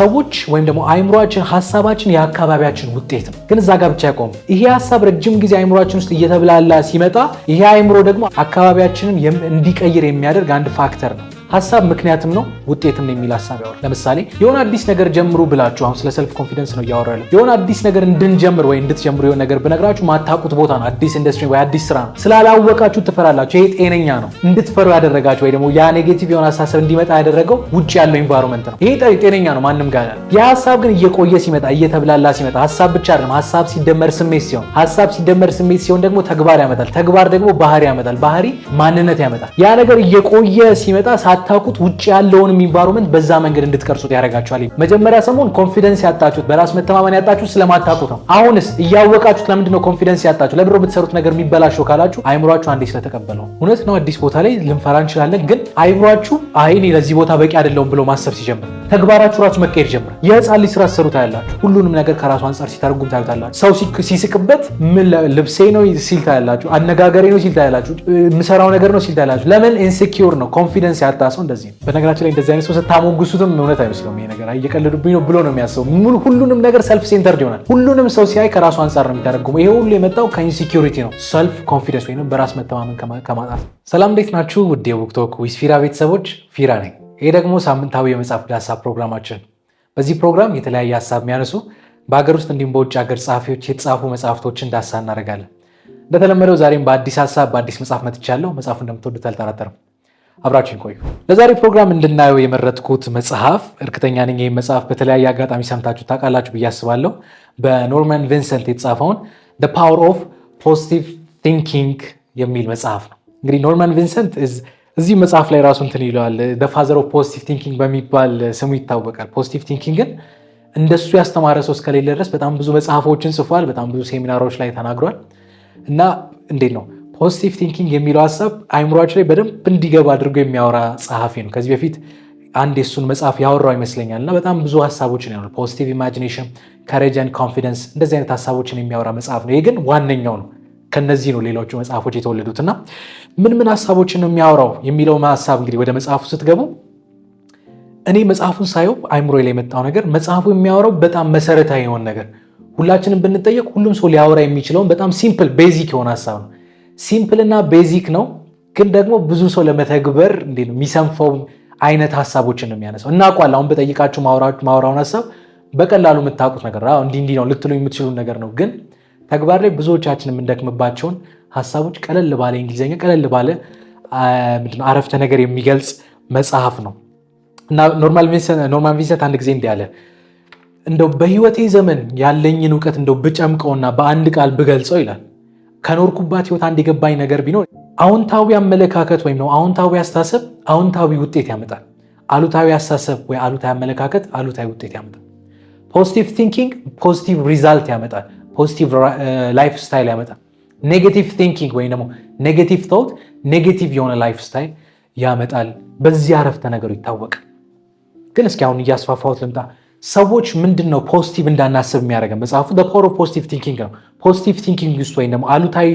ሰዎች ወይም ደግሞ አይምሯችን፣ ሀሳባችን የአካባቢያችን ውጤት ነው። ግን እዛ ጋር ብቻ አይቆምም። ይሄ ሀሳብ ረጅም ጊዜ አይምሯችን ውስጥ እየተብላላ ሲመጣ ይሄ አይምሮ ደግሞ አካባቢያችንን እንዲቀይር የሚያደርግ አንድ ፋክተር ነው። ሀሳብ ምክንያትም ነው ውጤትም ነው የሚል ሀሳብ ያወራል። ለምሳሌ የሆነ አዲስ ነገር ጀምሩ ብላችሁ አሁን ስለ ሰልፍ ኮንፊደንስ ነው እያወራለ የሆነ አዲስ ነገር እንድንጀምር ወይ እንድትጀምሩ የሆነ ነገር ብነግራችሁ ማታቁት ቦታ ነው አዲስ ኢንዱስትሪ ወይ አዲስ ስራ ነው ስላላወቃችሁ ትፈራላችሁ። ይሄ ጤነኛ ነው። እንድትፈሩ ያደረጋችሁ ወይ ደግሞ ያ ኔጌቲቭ የሆነ ሀሳብ እንዲመጣ ያደረገው ውጭ ያለው ኤንቫይሮንመንት ነው። ይሄ ጤነኛ ነው፣ ማንም ጋር ያለ ያ ሀሳብ ግን እየቆየ ሲመጣ እየተብላላ ሲመጣ ሀሳብ ብቻ አይደለም፣ ሀሳብ ሲደመር ስሜት ሲሆን፣ ሀሳብ ሲደመር ስሜት ሲሆን ደግሞ ተግባር ያመጣል፣ ተግባር ደግሞ ባህሪ ያመጣል፣ ባህሪ ማንነት ያመጣል። ያ ነገር እየቆየ ሲመጣ ሳታውቁት ውጭ ያለውን ኢንቫይሮመንት በዛ መንገድ እንድትቀርጹት ያደርጋችኋል። መጀመሪያ ሰሞን ኮንፊደንስ ያጣችሁት፣ በራስ መተማመን ያጣችሁት ስለማታውቁት ነው። አሁንስ እያወቃችሁት ለምንድን ነው ኮንፊደንስ ያጣችሁ? ለብሮ የምትሰሩት ነገር የሚበላሸው ካላችሁ አይምሯችሁ አንዴ ስለተቀበለው እውነት ነው። አዲስ ቦታ ላይ ልንፈራ እንችላለን፣ ግን አይምሯችሁ አይ እኔ ለዚህ ቦታ በቂ አይደለሁም ብሎ ማሰብ ሲጀምር ተግባራችሁ ራሱ መቀየር ይጀምራል። የህፃን ልጅ ስራ ሰሩት ታያላችሁ። ሁሉንም ነገር ከራሱ አንጻር ሲተረጉም ታዩታላችሁ። ሰው ሲስቅበት ምን ልብሴ ነው ሲል ታያላችሁ። አነጋገሬ ነው ሲል ታያላችሁ። የምሰራው ነገር ነው ሲል ታያላችሁ። ለምን ኢንሴኪውር ነው ኮንፊደንስ ያጣ ሰው እንደዚህ ነው። በነገራችን ላይ እንደዚህ አይነት ሰው ስታሞግሱትም እውነት አይመስለውም። ይሄ ነገር እየቀለዱብኝ ነው ብሎ ነው የሚያስበው። ሙሉ ሁሉንም ነገር ሰልፍ ሴንተርድ ይሆናል። ሁሉንም ሰው ሲያይ ከራሱ አንጻር ነው የሚተረጉመው። ይሄ ሁሉ የመጣው ከኢንሴኪሪቲ ነው፣ ሰልፍ ኮንፊደንስ ወይም በራስ መተማመን ከማጣት። ሰላም እንዴት ናችሁ? ውድ የቡክቶክ ዊዝ ፊራ ቤተሰቦች፣ ፊራ ነኝ። ይሄ ደግሞ ሳምንታዊ የመጽሐፍ ዳሰሳ ፕሮግራማችን። በዚህ ፕሮግራም የተለያየ ሀሳብ የሚያነሱ በሀገር ውስጥ እንዲሁም በውጭ ሀገር ጸሐፊዎች የተጻፉ መጽሐፍቶችን ዳሰሳ እናደርጋለን። እንደተለመደው ዛሬም በአዲስ ሀሳብ በአዲስ መጽሐፍ መጥቻለሁ። መጽሐፉ እንደምትወዱት አልጠራጠርም። አብራችን ቆዩ። ለዛሬ ፕሮግራም እንድናየው የመረጥኩት መጽሐፍ እርግጠኛ ነኝ ይህ መጽሐፍ በተለያየ አጋጣሚ ሰምታችሁ ታውቃላችሁ ብዬ አስባለሁ። በኖርማን ቪንሰንት የተጻፈውን ደ ፓወር ኦፍ ፖዚቲቭ ቲንኪንግ የሚል መጽሐፍ ነው። እንግዲህ ኖርማን ቪንሰንት እዚህ መጽሐፍ ላይ ራሱ እንትን ይለዋል። ዘ ፋዘር ኦፍ ፖዚቲቭ ቲንኪንግ በሚባል ስሙ ይታወቃል። ፖዚቲቭ ቲንኪንግን እንደሱ ያስተማረ ሰው እስከሌለ ድረስ በጣም ብዙ መጽሐፎችን ጽፏል። በጣም ብዙ ሴሚናሮች ላይ ተናግሯል እና እንዴት ነው ፖዚቲቭ ቲንኪንግ የሚለው ሀሳብ አይምሯቸው ላይ በደንብ እንዲገባ አድርጎ የሚያወራ ጸሐፊ ነው። ከዚህ በፊት አንድ የሱን መጽሐፍ ያወራው ይመስለኛል እና በጣም ብዙ ሀሳቦችን ያሉ ፖዚቲቭ ኢማጂኔሽን፣ ከሬጅ ኤንድ ኮንፊደንስ እንደዚህ አይነት ሀሳቦችን የሚያወራ መጽሐፍ ነው። ይሄ ግን ዋነኛው ነው። ከነዚህ ነው ሌሎቹ መጽሐፎች የተወለዱት እና ምን ምን ሀሳቦችን ነው የሚያወራው የሚለው ሀሳብ እንግዲህ ወደ መጽሐፉ ስትገቡ እኔ መጽሐፉን ሳየው አይምሮ ላይ የመጣው ነገር መጽሐፉ የሚያወራው በጣም መሰረታዊ የሆን ነገር ሁላችንም ብንጠየቅ ሁሉም ሰው ሊያወራ የሚችለውን በጣም ሲምፕል ቤዚክ የሆነ ሀሳብ ነው። ሲምፕል እና ቤዚክ ነው፣ ግን ደግሞ ብዙ ሰው ለመተግበር ነው የሚሰንፈው አይነት ሀሳቦችን ነው የሚያነሳው። እናውቋል። አሁን በጠይቃችሁ ማውራውን ሀሳብ በቀላሉ የምታውቁት ነገር እንዲህ እንዲህ ነው ልትሉ የምትችሉ ነገር ነው። ግን ተግባር ላይ ብዙዎቻችን የምንደክምባቸውን ሀሳቦች ቀለል ባለ እንግሊዝኛ ቀለል ባለ አረፍተ ነገር የሚገልጽ መጽሐፍ ነው እና ኖርማን ቪንሰንት አንድ ጊዜ እንዲህ አለ እንደው በህይወቴ ዘመን ያለኝን እውቀት እንደው ብጨምቀውና በአንድ ቃል ብገልጸው ይላል ከኖርኩባት ህይወት አንድ የገባኝ ነገር ቢኖር አዎንታዊ አመለካከት ወይም ነው አዎንታዊ አስተሳሰብ አዎንታዊ ውጤት ያመጣል። አሉታዊ አስተሳሰብ ወይ አሉታዊ አመለካከት አሉታዊ ውጤት ያመጣል። ፖዚቲቭ ቲንኪንግ ፖዚቲቭ ሪዛልት ያመጣል። ፖዚቲቭ ላይፍ ስታይል ያመጣል። ኔጌቲቭ ቲንኪንግ ወይም ደግሞ ኔጌቲቭ ቶት ኔጌቲቭ የሆነ ላይፍ ስታይል ያመጣል። በዚህ አረፍተ ነገሩ ይታወቃል። ግን እስኪ አሁን እያስፋፋሁት ልምጣ። ሰዎች ምንድን ነው ፖዚቲቭ እንዳናስብ የሚያደርገን? መጽሐፉ ፖወር ኦፍ ፖዚቲቭ ቲንኪንግ ነው ፖዚቲቭ ቲንኪንግ ውስጥ ወይም ደግሞ አሉታዊ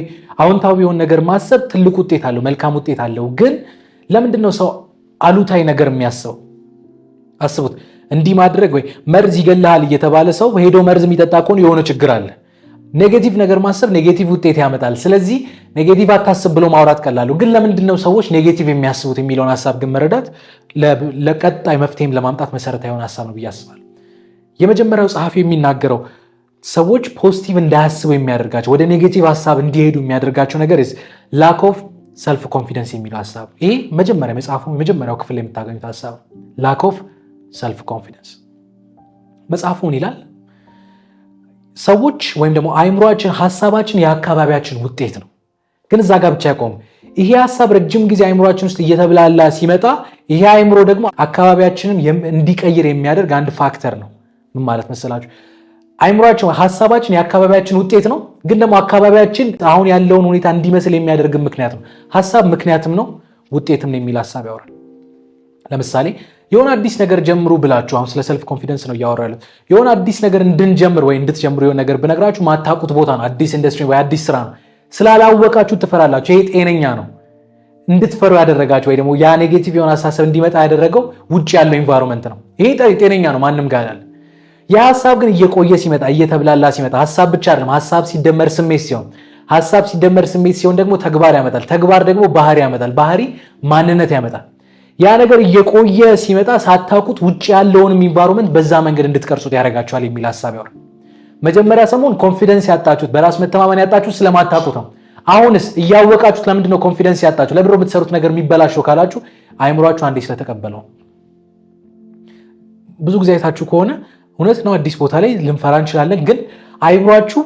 አዎንታዊ የሆን ነገር ማሰብ ትልቅ ውጤት አለው፣ መልካም ውጤት አለው። ግን ለምንድን ነው ሰው አሉታዊ ነገር የሚያስበው? አስቡት። እንዲህ ማድረግ ወይ መርዝ ይገልሃል እየተባለ ሰው ሄዶ መርዝ የሚጠጣ ከሆነ የሆነ ችግር አለ። ኔጌቲቭ ነገር ማሰብ ኔጌቲቭ ውጤት ያመጣል። ስለዚህ ኔጌቲቭ አታስብ ብሎ ማውራት ቀላሉ። ግን ለምንድን ነው ሰዎች ኔጌቲቭ የሚያስቡት የሚለውን ሀሳብ ግን መረዳት ለቀጣይ መፍትሄም ለማምጣት መሰረታዊ የሆነ ሀሳብ ነው ብዬ አስባለሁ። የመጀመሪያው ጸሐፊ የሚናገረው ሰዎች ፖዚቲቭ እንዳያስቡ የሚያደርጋቸው ወደ ኔጌቲቭ ሀሳብ እንዲሄዱ የሚያደርጋቸው ነገር ላክ ኦፍ ሰልፍ ኮንፊደንስ የሚለው ሀሳብ ይሄ መጀመሪያ መጽሐፉ የመጀመሪያው ክፍል የምታገኙት ሀሳብ ላክ ኦፍ ሰልፍ ኮንፊደንስ መጽሐፉን ይላል ሰዎች ወይም ደግሞ አእምሯችን፣ ሀሳባችን የአካባቢያችን ውጤት ነው። ግን እዛ ጋር ብቻ ያቆም ይሄ ሀሳብ ረጅም ጊዜ አይምሯችን ውስጥ እየተብላላ ሲመጣ ይሄ አይምሮ ደግሞ አካባቢያችንን እንዲቀይር የሚያደርግ አንድ ፋክተር ነው። ምን ማለት መሰላችሁ? አይምሯችን ሀሳባችን የአካባቢያችን ውጤት ነው። ግን ደግሞ አካባቢያችን አሁን ያለውን ሁኔታ እንዲመስል የሚያደርግ ምክንያት ነው። ሀሳብ ምክንያትም ነው ውጤትም ነው የሚል ሀሳብ ያወራል። ለምሳሌ የሆነ አዲስ ነገር ጀምሩ ብላችሁ አሁን ስለ ሰልፍ ኮንፊደንስ ነው እያወራ ያለት። የሆነ አዲስ ነገር እንድንጀምር ወይ እንድትጀምሩ የሆነ ነገር ብነግራችሁ ማታውቁት ቦታ ነው፣ አዲስ ኢንዱስትሪ ወይ አዲስ ስራ ነው። ስላላወቃችሁ ትፈራላችሁ። ይሄ ጤነኛ ነው። እንድትፈሩ ያደረጋችሁ ወይ ደግሞ ያ ኔጌቲቭ የሆነ አሳሰብ እንዲመጣ ያደረገው ውጭ ያለው ኢንቫይሮንመንት ነው። ይሄ ጤነኛ ነው። ማንም ጋር ያለ ያ ሀሳብ ግን እየቆየ ሲመጣ እየተብላላ ሲመጣ ሀሳብ ብቻ አይደለም። ሀሳብ ሲደመር ስሜት ሲሆን ሀሳብ ሲደመር ስሜት ሲሆን ደግሞ ተግባር ያመጣል። ተግባር ደግሞ ባህሪ ያመጣል። ባህሪ ማንነት ያመጣል። ያ ነገር እየቆየ ሲመጣ ሳታውቁት ውጭ ያለውን ኢንቫይሮመንት በዛ መንገድ እንድትቀርጹት ያደርጋችኋል የሚል ሀሳብ ያወራ። መጀመሪያ ሰሞን ኮንፊደንስ ያጣችሁት በራስ መተማመን ያጣችሁት ስለማታውቁት ነው። አሁንስ እያወቃችሁት ለምንድን ነው ኮንፊደንስ ያጣችሁ? ለብሮ የምትሰሩት ነገር የሚበላሸው ካላችሁ አይምሯችሁ አንዴ ስለተቀበለው ብዙ ጊዜ አይታችሁ ከሆነ እውነት ነው። አዲስ ቦታ ላይ ልንፈራ እንችላለን። ግን አይምሯችሁ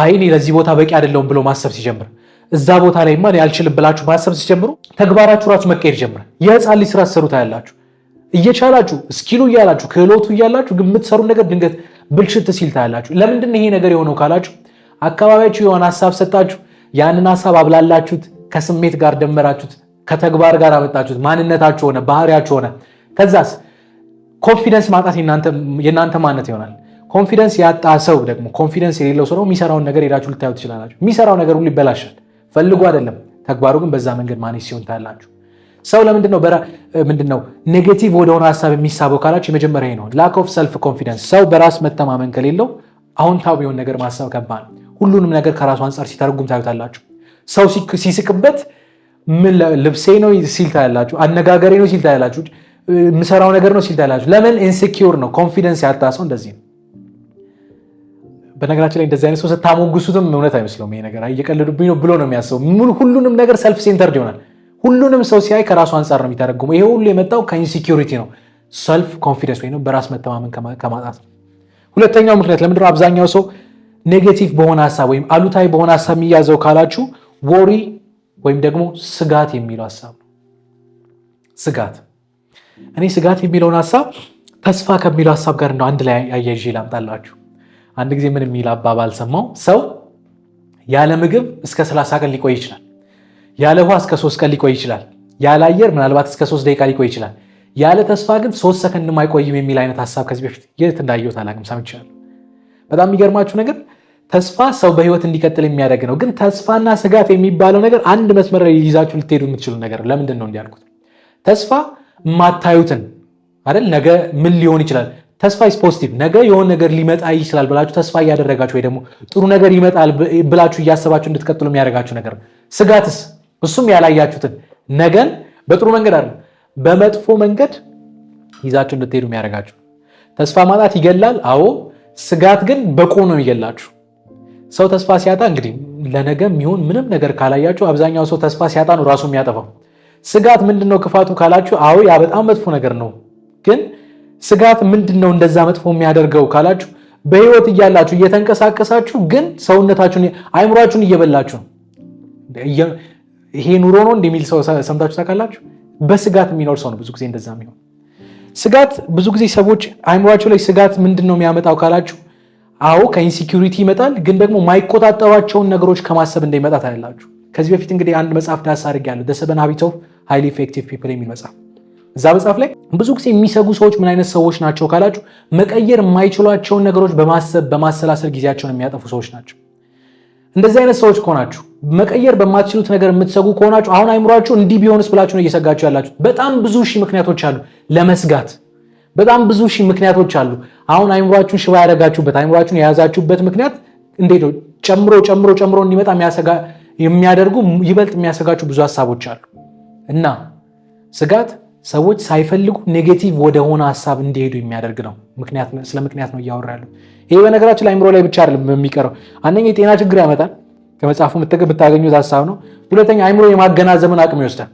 አይ እኔ ለዚህ ቦታ በቂ አይደለሁም ብሎ ማሰብ ሲጀምር እዛ ቦታ ላይ ማ አልችልም ብላችሁ ማሰብ ሲጀምሩ ተግባራችሁ ራሱ መቀየር ይጀምራል። የህፃን ልጅ ስራ ትሰሩት እየቻላችሁ እስኪሉ እያላችሁ ክህሎቱ እያላችሁ ግን የምትሰሩ ነገር ድንገት ብልሽት ሲል ታያላችሁ። ለምንድን ይሄ ነገር የሆነው ካላችሁ አካባቢያችሁ የሆነ ሀሳብ ሰጣችሁ፣ ያንን ሀሳብ አብላላችሁት፣ ከስሜት ጋር ደመራችሁት፣ ከተግባር ጋር አመጣችሁት፣ ማንነታችሁ ሆነ፣ ባህሪያችሁ ሆነ። ከዛስ ኮንፊደንስ ማጣት የእናንተ ማነት ይሆናል። ኮንፊደንስ ያጣ ሰው ደግሞ ኮንፊደንስ የሌለው ሰው የሚሰራውን ነገር ሄዳችሁ ልታዩ ትችላላችሁ። የሚሰራው ነገር ሁሉ ይበላሻል፣ ፈልጎ አይደለም። ተግባሩ ግን በዛ መንገድ ማኔጅ ሲሆን ታያላችሁ። ሰው ለምንድነው ምንድነው ኔጌቲቭ ወደሆነ ሀሳብ የሚሳበው ካላችሁ የመጀመሪያ ነው ላክ ኦፍ ሰልፍ ኮንፊደንስ። ሰው በራስ መተማመን ከሌለው አዎንታዊ የሆነ ነገር ማሰብ ከባድ ነው። ሁሉንም ነገር ከራሱ አንጻር ሲተረጉም ታዩታላችሁ። ሰው ሲስቅበት ምን ልብሴ ነው ሲል ታያላችሁ፣ አነጋገሬ ነው ሲል ታያላችሁ። የምሰራው ነገር ነው ሲል ታያላችሁ። ለምን ኢንሴኪውር ነው፣ ኮንፊደንስ ያጣ ሰው እንደዚህ ነው። በነገራችን ላይ እንደዚህ አይነት ሰው ስታሞግሱትም እውነት አይመስለውም። ይሄ ነገር እየቀለዱብኝ ነው ብሎ ነው የሚያስበው። ሁሉንም ነገር ሰልፍ ሴንተርድ ይሆናል። ሁሉንም ሰው ሲያይ ከራሱ አንጻር ነው የሚተረጉመው። ይሄ ሁሉ የመጣው ከኢንሴኪውሪቲ ነው፣ ሰልፍ ኮንፊደንስ ወይም በራስ መተማመን ከማጣት ነው። ሁለተኛው ምክንያት ለምንድነው አብዛኛው ሰው ኔጌቲቭ በሆነ ሀሳብ ወይም አሉታዊ በሆነ ሀሳብ የሚያዘው ካላችሁ፣ ወሪ ወይም ደግሞ ስጋት የሚለው ሀሳብ ነው። ስጋት እኔ ስጋት የሚለውን ሀሳብ ተስፋ ከሚለው ሀሳብ ጋር እንደው አንድ ላይ አያይዤ ላምጣላችሁ። አንድ ጊዜ ምን የሚል አባባል ሰማው፣ ሰው ያለ ምግብ እስከ 30 ቀን ሊቆይ ይችላል፣ ያለ ውሃ እስከ 3 ቀን ሊቆይ ይችላል፣ ያለ አየር ምናልባት እስከ 3 ደቂቃ ሊቆይ ይችላል፣ ያለ ተስፋ ግን 3 ሰከንድም አይቆይም የሚል አይነት ሀሳብ ከዚህ በፊት የት እንዳየሁት አላውቅም ሰምቻለሁ። በጣም የሚገርማችሁ ነገር ተስፋ ሰው በህይወት እንዲቀጥል የሚያደርግ ነው። ግን ተስፋና ስጋት የሚባለው ነገር አንድ መስመር ይዛችሁ ልትሄዱ የምትችሉ ነገር ለምንድን ነው እንዲያልኩት ተስፋ የማታዩትን አይደል? ነገ ምን ሊሆን ይችላል? ተስፋ ኢስ ፖዚቲቭ። ነገ የሆነ ነገር ሊመጣ ይችላል ብላችሁ ተስፋ እያደረጋችሁ ወይ ደግሞ ጥሩ ነገር ይመጣል ብላችሁ እያሰባችሁ እንድትቀጥሉ የሚያደርጋችሁ ነገር ስጋትስ? እሱም ያላያችሁትን ነገን በጥሩ መንገድ አይደለም በመጥፎ መንገድ ይዛችሁ እንድትሄዱ የሚያደርጋችሁ። ተስፋ ማጣት ይገላል። አዎ። ስጋት ግን በቆ ነው የሚገላችሁ። ሰው ተስፋ ሲያጣ እንግዲህ ለነገ የሚሆን ምንም ነገር ካላያችሁ፣ አብዛኛው ሰው ተስፋ ሲያጣ ነው ራሱ የሚያጠፋው። ስጋት ምንድን ነው ክፋቱ ካላችሁ፣ አዎ ያ በጣም መጥፎ ነገር ነው። ግን ስጋት ምንድን ነው እንደዛ መጥፎ የሚያደርገው ካላችሁ፣ በህይወት እያላችሁ እየተንቀሳቀሳችሁ ግን ሰውነታችሁን አይምሯችሁን እየበላችሁ ይሄ ኑሮ ነው እንደሚል ሰው ሰምታችሁ ታውቃላችሁ? በስጋት የሚኖር ሰው ነው ብዙ ጊዜ እንደዛ የሚሆን። ስጋት ብዙ ጊዜ ሰዎች አይምሯቸው ላይ ስጋት ምንድን ነው የሚያመጣው ካላችሁ አዎ ከኢንሴኪሪቲ ይመጣል። ግን ደግሞ ማይቆጣጠሯቸውን ነገሮች ከማሰብ እንደሚመጣ ታያላችሁ። ከዚህ በፊት እንግዲህ አንድ መጽሐፍ ዳስ አድርጌያለሁ፣ ያለ ሰቨን ሀቢትስ ኦፍ ሃይሊ ኢፌክቲቭ ፒፕል የሚል መጽሐፍ። እዛ መጽሐፍ ላይ ብዙ ጊዜ የሚሰጉ ሰዎች ምን አይነት ሰዎች ናቸው ካላችሁ መቀየር የማይችሏቸውን ነገሮች በማሰብ በማሰላሰል ጊዜያቸውን የሚያጠፉ ሰዎች ናቸው። እንደዚህ አይነት ሰዎች ከሆናችሁ መቀየር በማትችሉት ነገር የምትሰጉ ከሆናችሁ አሁን አይምሯችሁ እንዲህ ቢሆንስ ብላችሁ ነው እየሰጋችሁ ያላችሁ። በጣም ብዙ ሺህ ምክንያቶች አሉ ለመስጋት በጣም ብዙ ሺህ ምክንያቶች አሉ። አሁን አይምሯችሁን ሽባ ያደረጋችሁበት አይምሯችሁን የያዛችሁበት ምክንያት እንዴት ነው ጨምሮ ጨምሮ ጨምሮ እንዲመጣ የሚያደርጉ ይበልጥ የሚያሰጋችሁ ብዙ ሀሳቦች አሉ እና ስጋት ሰዎች ሳይፈልጉ ኔጌቲቭ ወደሆነ ሀሳብ እንዲሄዱ የሚያደርግ ነው። ስለ ምክንያት ነው እያወራ ያሉ። ይሄ በነገራችን ላይ አእምሮ ላይ ብቻ አይደለም የሚቀረው። አንደኛ የጤና ችግር ያመጣል፣ ከመጽሐፉ ብታገኙት ሀሳብ ነው። ሁለተኛ አይምሮ የማገናዘብን አቅም ይወስዳል።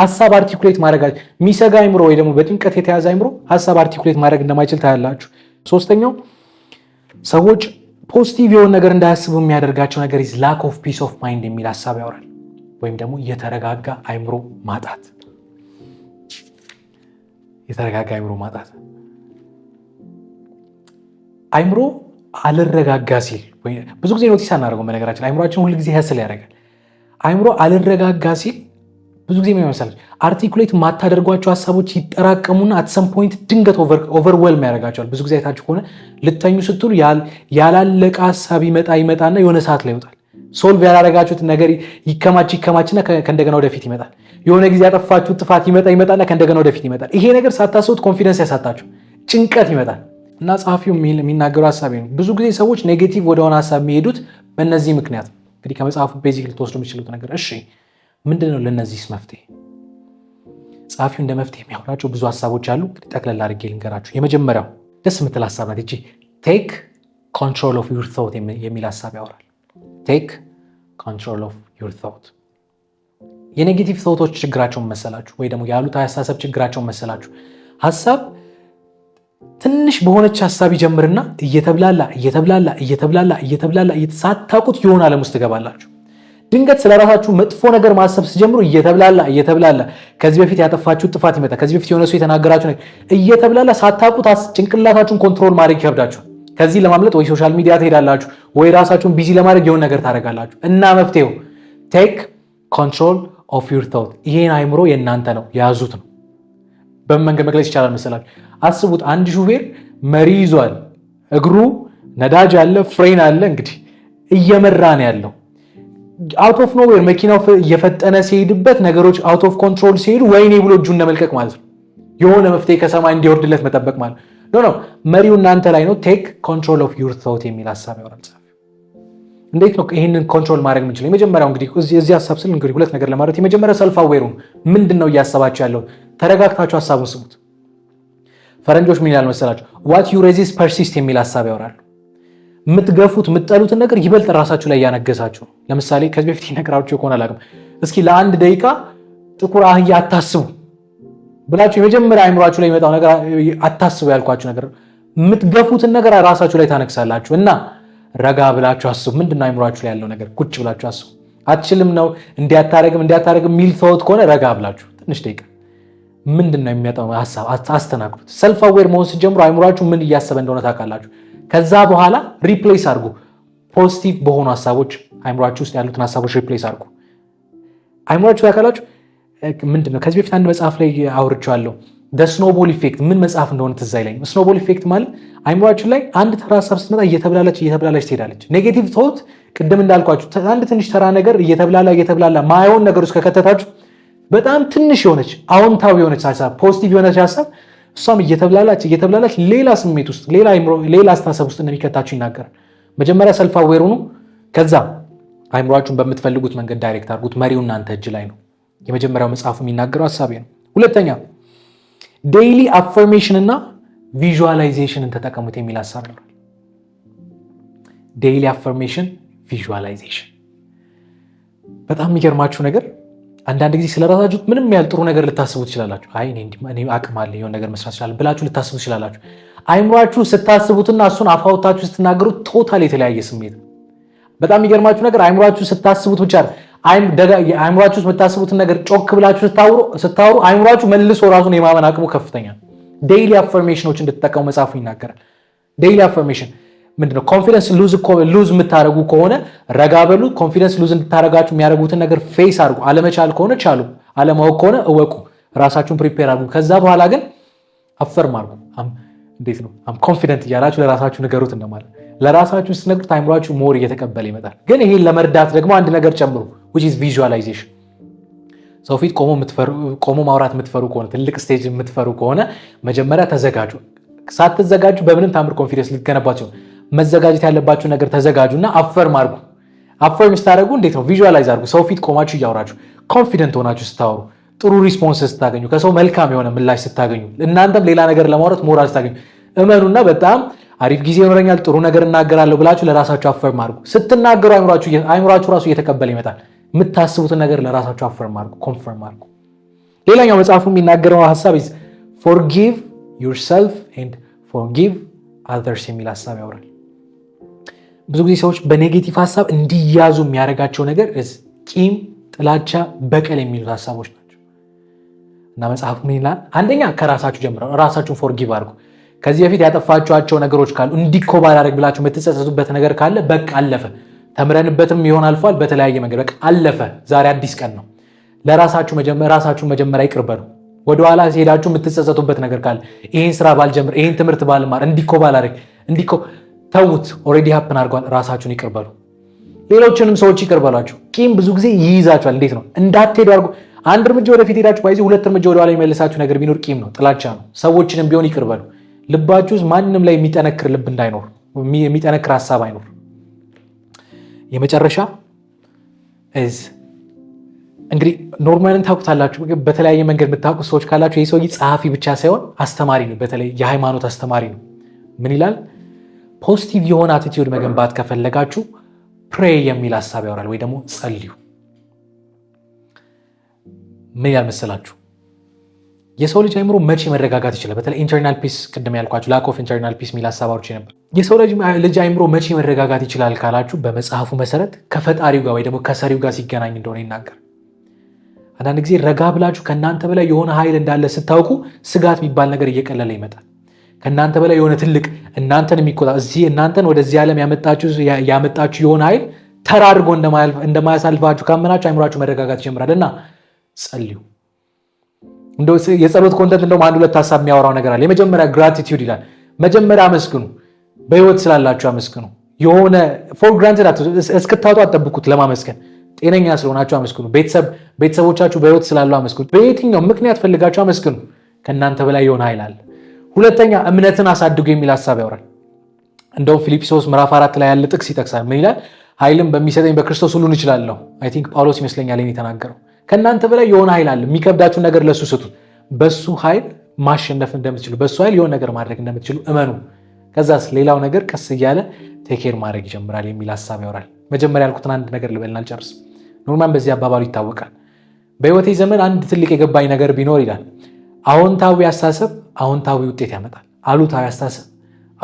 ሀሳብ አርቲኩሌት ማድረግ የሚሰጋ አይምሮ ወይ ደግሞ በጭንቀት የተያዘ አይምሮ ሀሳብ አርቲኩሌት ማድረግ እንደማይችል ታያላችሁ። ሶስተኛው ሰዎች ፖዚቲቭ የሆነ ነገር እንዳያስቡ የሚያደርጋቸው ነገር ኢዝ ላክ ኦፍ ፒስ ኦፍ ማይንድ የሚል ሀሳብ ያወራል። ወይም ደግሞ የተረጋጋ አይምሮ ማጣት፣ የተረጋጋ አይምሮ ማጣት። አይምሮ አልረጋጋ ሲል ብዙ ጊዜ ኖቲስ አናደርገው። በነገራችን አይምሮችን ሁልጊዜ ያስል ያደርጋል። አይምሮ አልረጋጋ ሲል ብዙ ጊዜ ምን ይመስላል አርቲኩሌት ማታደርጓቸው ሀሳቦች ይጠራቀሙና አትሰም ፖይንት ድንገት ኦቨርዌልም ያደርጋቸዋል። ብዙ ጊዜ አይታችሁ ከሆነ ልተኙ ስትሉ ያላለቀ ሀሳብ ይመጣ ይመጣና የሆነ ሰዓት ላይ ይወጣል። ሶልቭ ያላረጋችሁት ነገር ይከማች ይከማችና ከእንደገና ወደፊት ይመጣል። የሆነ ጊዜ ያጠፋችሁ ጥፋት ይመጣ ይመጣና ከእንደገና ወደፊት ይመጣል። ይሄ ነገር ሳታስቡት ኮንፊደንስ ያሳጣችሁ፣ ጭንቀት ይመጣል። እና ጸሐፊው የሚናገሩ ሀሳብ ነው። ብዙ ጊዜ ሰዎች ኔጌቲቭ ወደሆነ ሀሳብ የሚሄዱት በእነዚህ ምክንያት እንግዲህ ከመጽሐፉ ቤዚክ ልትወስዱ የሚችሉት ነገር እሺ ምንድን ነው ለእነዚህስ መፍትሄ? ጸሐፊው እንደ መፍትሄ የሚያወራቸው ብዙ ሀሳቦች አሉ። እንግዲህ ጠቅለል አድርጌ ልንገራችሁ። የመጀመሪያው ደስ የምትል ሀሳብ ናት ቴክ ኮንትሮል ኦፍ ዩር ቶት የሚል ሀሳብ ያወራል። ቴክ ኮንትሮል ኦፍ ዩር ቶት የኔጌቲቭ ቶቶች ችግራቸውን መሰላችሁ ወይ ደግሞ ያሉታዊ አስተሳሰብ ችግራቸውን መሰላችሁ ሀሳብ ትንሽ በሆነች ሀሳብ ይጀምርና እየተብላላ እየተብላላ እየተብላላ እየተብላላ ሳታውቁት የሆነ ዓለም ውስጥ ትገባላችሁ። ድንገት ስለ ራሳችሁ መጥፎ ነገር ማሰብ ስጀምሩ እየተብላላ እየተብላላ ከዚህ በፊት ያጠፋችሁ ጥፋት ይመጣል። ከዚህ በፊት የሆነ ሰው የተናገራችሁ እየተብላላ ሳታውቁት ጭንቅላታችሁን ኮንትሮል ማድረግ ይከብዳችሁ። ከዚህ ለማምለጥ ወይ ሶሻል ሚዲያ ትሄዳላችሁ፣ ወይ ራሳችሁን ቢዚ ለማድረግ የሆነ ነገር ታደርጋላችሁ። እና መፍትሄው ቴክ ኮንትሮል ኦፍ ዩር ቶት። ይሄን አይምሮ የእናንተ ነው፣ የያዙት ነው። በምን መንገድ መግለጽ ይቻላል መሰላችሁ? አስቡት፣ አንድ ሹፌር መሪ ይዟል፣ እግሩ ነዳጅ አለ፣ ፍሬን አለ። እንግዲህ እየመራ ነው ያለው አውት ኦፍ ኖዌር መኪናው እየፈጠነ ሲሄድበት ነገሮች አውት ኦፍ ኮንትሮል ሲሄዱ ወይኔ ብሎ እጁን እንደመልቀቅ ማለት ነው። የሆነ መፍትሄ ከሰማይ እንዲወርድለት መጠበቅ ማለት ነው። ኖ መሪው እናንተ ላይ ነው። ቴክ ኮንትሮል ኦፍ ዩር ቶት የሚል ሀሳብ ያወራል። እንዴት ነው ይህንን ኮንትሮል ማድረግ የምንችለው? የመጀመሪያው እንግዲህ እዚህ ሀሳብ ስል እንግዲህ ሁለት ነገር ለማድረግ የመጀመሪያ ሰልፍ አዌሩ ምንድን ነው እያሰባችሁ ያለው? ተረጋግታችሁ ሀሳቡን ስሙት። ፈረንጆች ምን ይላል መሰላችሁ? ዋት ዩ ሬዚስት ፐርሲስት የሚል ሀሳብ ያወራሉ። የምትገፉት የምትጠሉትን ነገር ይበልጥ ራሳችሁ ላይ እያነገሳችሁ ለምሳሌ ከዚህ በፊት ይነግራችሁ የሆነ አላውቅም፣ እስኪ ለአንድ ደቂቃ ጥቁር አህያ አታስቡ ብላችሁ የመጀመሪያ አይምሯችሁ ላይ የሚመጣው ነገር አታስቡ ያልኳችሁ ነገር፣ የምትገፉትን ነገር ራሳችሁ ላይ ታነግሳላችሁ እና ረጋ ብላችሁ አስቡ። ምንድን ነው አይምሯችሁ ላይ ያለው ነገር? ቁጭ ብላችሁ አስቡ። አትችልም ነው እንዲያታረግም እንዲያታረግም የሚል ተወት ከሆነ ረጋ ብላችሁ ትንሽ ደቂቃ ምንድን ነው የሚመጣው ሀሳብ አስተናግዱት። ሰልፍ አዌር መሆን ስትጀምሩ አይምሯችሁ ምን እያሰበ እንደሆነ ታውቃላችሁ። ከዛ በኋላ ሪፕሌስ አድርጉ። ፖዚቲቭ በሆኑ ሀሳቦች አይምሯችሁ ውስጥ ያሉትን ሀሳቦች ሪፕሌስ አድርጉ። አይምሯችሁ ያካላችሁ ምንድን ነው? ከዚህ በፊት አንድ መጽሐፍ ላይ አውርቼዋለሁ። ስኖቦል ኢፌክት ምን መጽሐፍ እንደሆነ ትዝ አይለኝም። ስኖቦል ኢፌክት ማለት አይምሯችን ላይ አንድ ተራ ሀሳብ ስትመጣ እየተብላለች እየተብላለች ትሄዳለች። ኔጌቲቭ ቶት ቅድም እንዳልኳችሁ አንድ ትንሽ ተራ ነገር እየተብላላ እየተብላላ ማየውን ነገር ውስጥ ከከተታችሁ በጣም ትንሽ የሆነች አዎንታዊ የሆነች ሀሳብ ፖዚቲቭ የሆነች ሀሳብ እሷም እየተብላላች እየተብላላች ሌላ ስሜት ውስጥ ሌላ አስተሳሰብ ውስጥ እንደሚከታችሁ ይናገራል። መጀመሪያ ሰልፍ አዌር ሁኑ። ከዛ አይምሯችሁን በምትፈልጉት መንገድ ዳይሬክት አድርጉት። መሪው እናንተ እጅ ላይ ነው። የመጀመሪያው መጽሐፉ የሚናገረው ሀሳቤ ነው። ሁለተኛ ዴይሊ አፈርሜሽን እና ቪዥዋላይዜሽንን ተጠቀሙት የሚል ሀሳብ ነው። ዴይሊ አፈርሜሽን ቪዥዋላይዜሽን በጣም የሚገርማችሁ ነገር አንዳንድ ጊዜ ስለራሳችሁ ምንም ያህል ጥሩ ነገር ልታስቡ ትችላላችሁ። አይ እኔ አቅም አለ የሆነ ነገር መስራት ይችላል ብላችሁ ልታስቡ ትችላላችሁ። አይምሯችሁ ስታስቡትና እሱን አፋውታችሁ ስትናገሩት ቶታል የተለያየ ስሜት። በጣም የሚገርማችሁ ነገር አይምሯችሁ ስታስቡት ብቻ አይምሯችሁ የምታስቡትን ነገር ጮክ ብላችሁ ስታወሩ አይምሯችሁ መልሶ ራሱን የማመን አቅሙ ከፍተኛ። ዴይሊ አፈርሜሽኖች እንድትጠቀሙ መጽሐፉ ይናገራል። ዴይሊ አፈርሜሽን ምንድነው ኮንፊደንስ ሉዝ የምታደረጉ ከሆነ ረጋ በሉ። ኮንፊደንስ ሉዝ እንድታረጋችሁ የሚያደርጉትን ነገር ፌስ አድርጉ። አለመቻል ከሆነ ቻሉ፣ አለማወቅ ከሆነ እወቁ፣ ራሳችሁን ፕሪፔር አድርጉ። ከዛ በኋላ ግን አፈርም አድርጉ። እንዴት ነው አም ኮንፊደንት እያላችሁ ለራሳችሁ ንገሩት እንደማለት። ለራሳችሁ ስትነግሩት አይምሯችሁ ሞር እየተቀበለ ይመጣል። ግን ይሄን ለመርዳት ደግሞ አንድ ነገር ጨምሩ፣ which ሰውፊት ሰው ፊት ቆሞ ማውራት የምትፈሩ ከሆነ ትልቅ ስቴጅ የምትፈሩ ከሆነ መጀመሪያ ተዘጋጁ። ሳትዘጋጁ በምንም ታምር ኮንፊደንስ ልትገነባቸው መዘጋጀት ያለባችሁ ነገር ተዘጋጁና አፈርም አድርጉ። አፈርም ስታደርጉ እንዴት ነው? ቪዥዋላይዝ አድርጉ። ሰው ፊት ቆማችሁ እያወራችሁ ኮንፊደንት ሆናችሁ ስታወሩ፣ ጥሩ ሪስፖንስ ስታገኙ፣ ከሰው መልካም የሆነ ምላሽ ስታገኙ፣ እናንተም ሌላ ነገር ለማውራት ሞራል ስታገኙ፣ እመኑና በጣም አሪፍ ጊዜ ይኖረኛል፣ ጥሩ ነገር እናገራለሁ ብላችሁ ለራሳችሁ አፈርም አድርጉ። ስትናገሩ አይምሯችሁ ራሱ እየተቀበለ ይመጣል። የምታስቡትን ነገር ለራሳችሁ አፈርም አድርጉ፣ ኮንፈርም አድርጉ። ሌላኛው መጽሐፉ የሚናገረው ሀሳብ ፎርጊቭ ዩርሰልፍ ኤንድ ፎርጊቭ አዘርስ የሚል ሀሳብ ያወራል። ብዙ ጊዜ ሰዎች በኔጌቲቭ ሀሳብ እንዲያዙ የሚያደርጋቸው ነገር ቂም፣ ጥላቻ፣ በቀል የሚሉት ሀሳቦች ናቸው እና መጽሐፉ ምን ይላል? አንደኛ ከራሳችሁ ጀምረው ራሳችሁን ፎርጊቭ አድርጉ። ከዚህ በፊት ያጠፋችኋቸው ነገሮች ካሉ እንዲኮ ባላደርግ ብላችሁ የምትጸጸቱበት ነገር ካለ በቃ አለፈ። ተምረንበትም ይሆን አልፏል። በተለያየ መንገድ በቃ አለፈ። ዛሬ አዲስ ቀን ነው። ለራሳችሁ ራሳችሁን መጀመሪያ ይቅር በሉ። ወደኋላ ሲሄዳችሁ የምትጸጸቱበት ነገር ካለ ይህን ስራ ባልጀምር፣ ይህን ትምህርት ባልማር፣ እንዲኮ ባላደርግ እንዲኮ ተዉት። ኦልሬዲ ሀፕን አድርጓል። ራሳችሁን ይቅርበሉ። ሌሎችንም ሰዎች ይቅርበላችሁ። ቂም ብዙ ጊዜ ይይዛችኋል። እንዴት ነው እንዳትሄዱ አድርጎ አንድ እርምጃ ወደፊት ሄዳችሁ ባይዚ ሁለት እርምጃ ወደኋላ የመለሳችሁ ነገር ቢኖር ቂም ነው፣ ጥላቻ ነው። ሰዎችንም ቢሆን ይቅርበሉ። ልባችሁ ውስጥ ማንም ላይ የሚጠነክር ልብ እንዳይኖር፣ የሚጠነክር ሀሳብ አይኖር። የመጨረሻ እንግዲህ ኖርማልን ታውቁታላችሁ። በተለያየ መንገድ የምታውቁት ሰዎች ካላችሁ ይህ ሰውዬ ጸሐፊ ብቻ ሳይሆን አስተማሪ ነው። በተለይ የሃይማኖት አስተማሪ ነው። ምን ይላል? ፖዚቲቭ የሆነ አትቲዩድ መገንባት ከፈለጋችሁ ፕሬ የሚል ሀሳብ ያወራል ወይ ደግሞ ጸልዩ። ምን ያል የሰው ልጅ አይምሮ መቼ መረጋጋት ይችላል? በተለይ ኢንተርናል ፒስ ቅድም ያልኳችሁ ላክ ኦፍ ኢንተርናል ፒስ የሚል ሀሳብ አውርቼ ነበር። የሰው ልጅ አይምሮ መቼ መረጋጋት ይችላል ካላችሁ በመጽሐፉ መሰረት ከፈጣሪው ጋር ወይ ደግሞ ከሰሪው ጋር ሲገናኝ እንደሆነ ይናገር። አንዳንድ ጊዜ ረጋ ብላችሁ ከእናንተ በላይ የሆነ ኃይል እንዳለ ስታውቁ ስጋት የሚባል ነገር እየቀለለ ይመጣል። ከእናንተ በላይ የሆነ ትልቅ እናንተን የሚቆጣ እዚህ እናንተን ወደዚህ ዓለም ያመጣችሁ የሆነ ኃይል ተራ አድርጎ እንደማያሳልፋችሁ ካመናችሁ አይምሯችሁ መረጋጋት ይጀምራል። እና ጸልዩ። የጸሎት ኮንተንት እንደውም አንድ ሁለት ሀሳብ የሚያወራው ነገር አለ። የመጀመሪያ ግራቲቲዩድ ይላል። መጀመሪያ አመስግኑ፣ በህይወት ስላላችሁ አመስግኑ። የሆነ ፎር ግራንትድ እስክታጡ አጠብቁት ለማመስገን ጤነኛ ስለሆናችሁ አመስግኑ። ቤተሰቦቻችሁ በህይወት ስላሉ አመስግኑ። በየትኛው ምክንያት ፈልጋችሁ አመስግኑ። ከእናንተ በላይ የሆነ ኃይል አለ። ሁለተኛ እምነትን አሳድጉ የሚል ሀሳብ ያወራል። እንደውም ፊልጵስዩስ ምዕራፍ አራት ላይ ያለ ጥቅስ ይጠቅሳል። ምን ይላል? ኃይልም በሚሰጠኝ በክርስቶስ ሁሉን እችላለሁ። አይ ቲንክ ጳውሎስ ይመስለኛል የተናገረው። ከእናንተ በላይ የሆነ ኃይል አለ። የሚከብዳችሁን ነገር ለሱ ስጡት። በሱ ኃይል ማሸነፍ እንደምትችሉ፣ በሱ ኃይል የሆነ ነገር ማድረግ እንደምትችሉ እመኑ። ከዛስ ሌላው ነገር ቀስ እያለ ቴኬር ማድረግ ይጀምራል የሚል ሀሳብ ያወራል። መጀመሪያ ያልኩትን አንድ ነገር ልበልና ልጨርስ። ኖርማን በዚህ አባባሉ ይታወቃል። በህይወቴ ዘመን አንድ ትልቅ የገባኝ ነገር ቢኖር ይላል አዎንታዊ አስተሳሰብ አዎንታዊ ውጤት ያመጣል። አሉታዊ አስተሳሰብ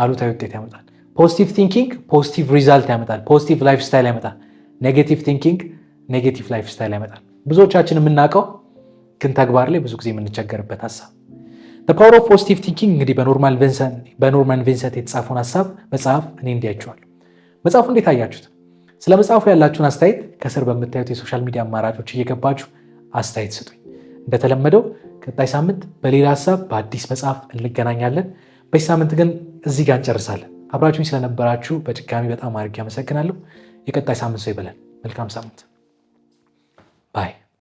አሉታዊ ውጤት ያመጣል። ፖዚቲቭ ቲንኪንግ ፖዚቲቭ ሪዛልት ያመጣል፣ ፖዚቲቭ ላይፍ ስታይል ያመጣል። ኔጌቲቭ ቲንኪንግ ኔጌቲቭ ላይፍ ስታይል ያመጣል። ብዙዎቻችን የምናውቀው ግን ተግባር ላይ ብዙ ጊዜ የምንቸገርበት ሀሳብ ፓወር ኦፍ ፖዚቲቭ ቲንኪንግ እንግዲህ በኖርማን ቪንሰንት የተጻፈውን ሀሳብ መጽሐፍ እኔ እንዲያቸዋለሁ። መጽሐፉ እንዴት አያችሁት? ስለ መጽሐፉ ያላችሁን አስተያየት ከስር በምታዩት የሶሻል ሚዲያ አማራጮች እየገባችሁ አስተያየት ስጡኝ። እንደተለመደው ቀጣይ ሳምንት በሌላ ሀሳብ በአዲስ መጽሐፍ እንገናኛለን። በዚህ ሳምንት ግን እዚህ ጋር እንጨርሳለን። አብራችሁኝ ስለነበራችሁ በድጋሚ በጣም አድርጌ አመሰግናለሁ። የቀጣይ ሳምንት ሰው ይበለን። መልካም ሳምንት ባይ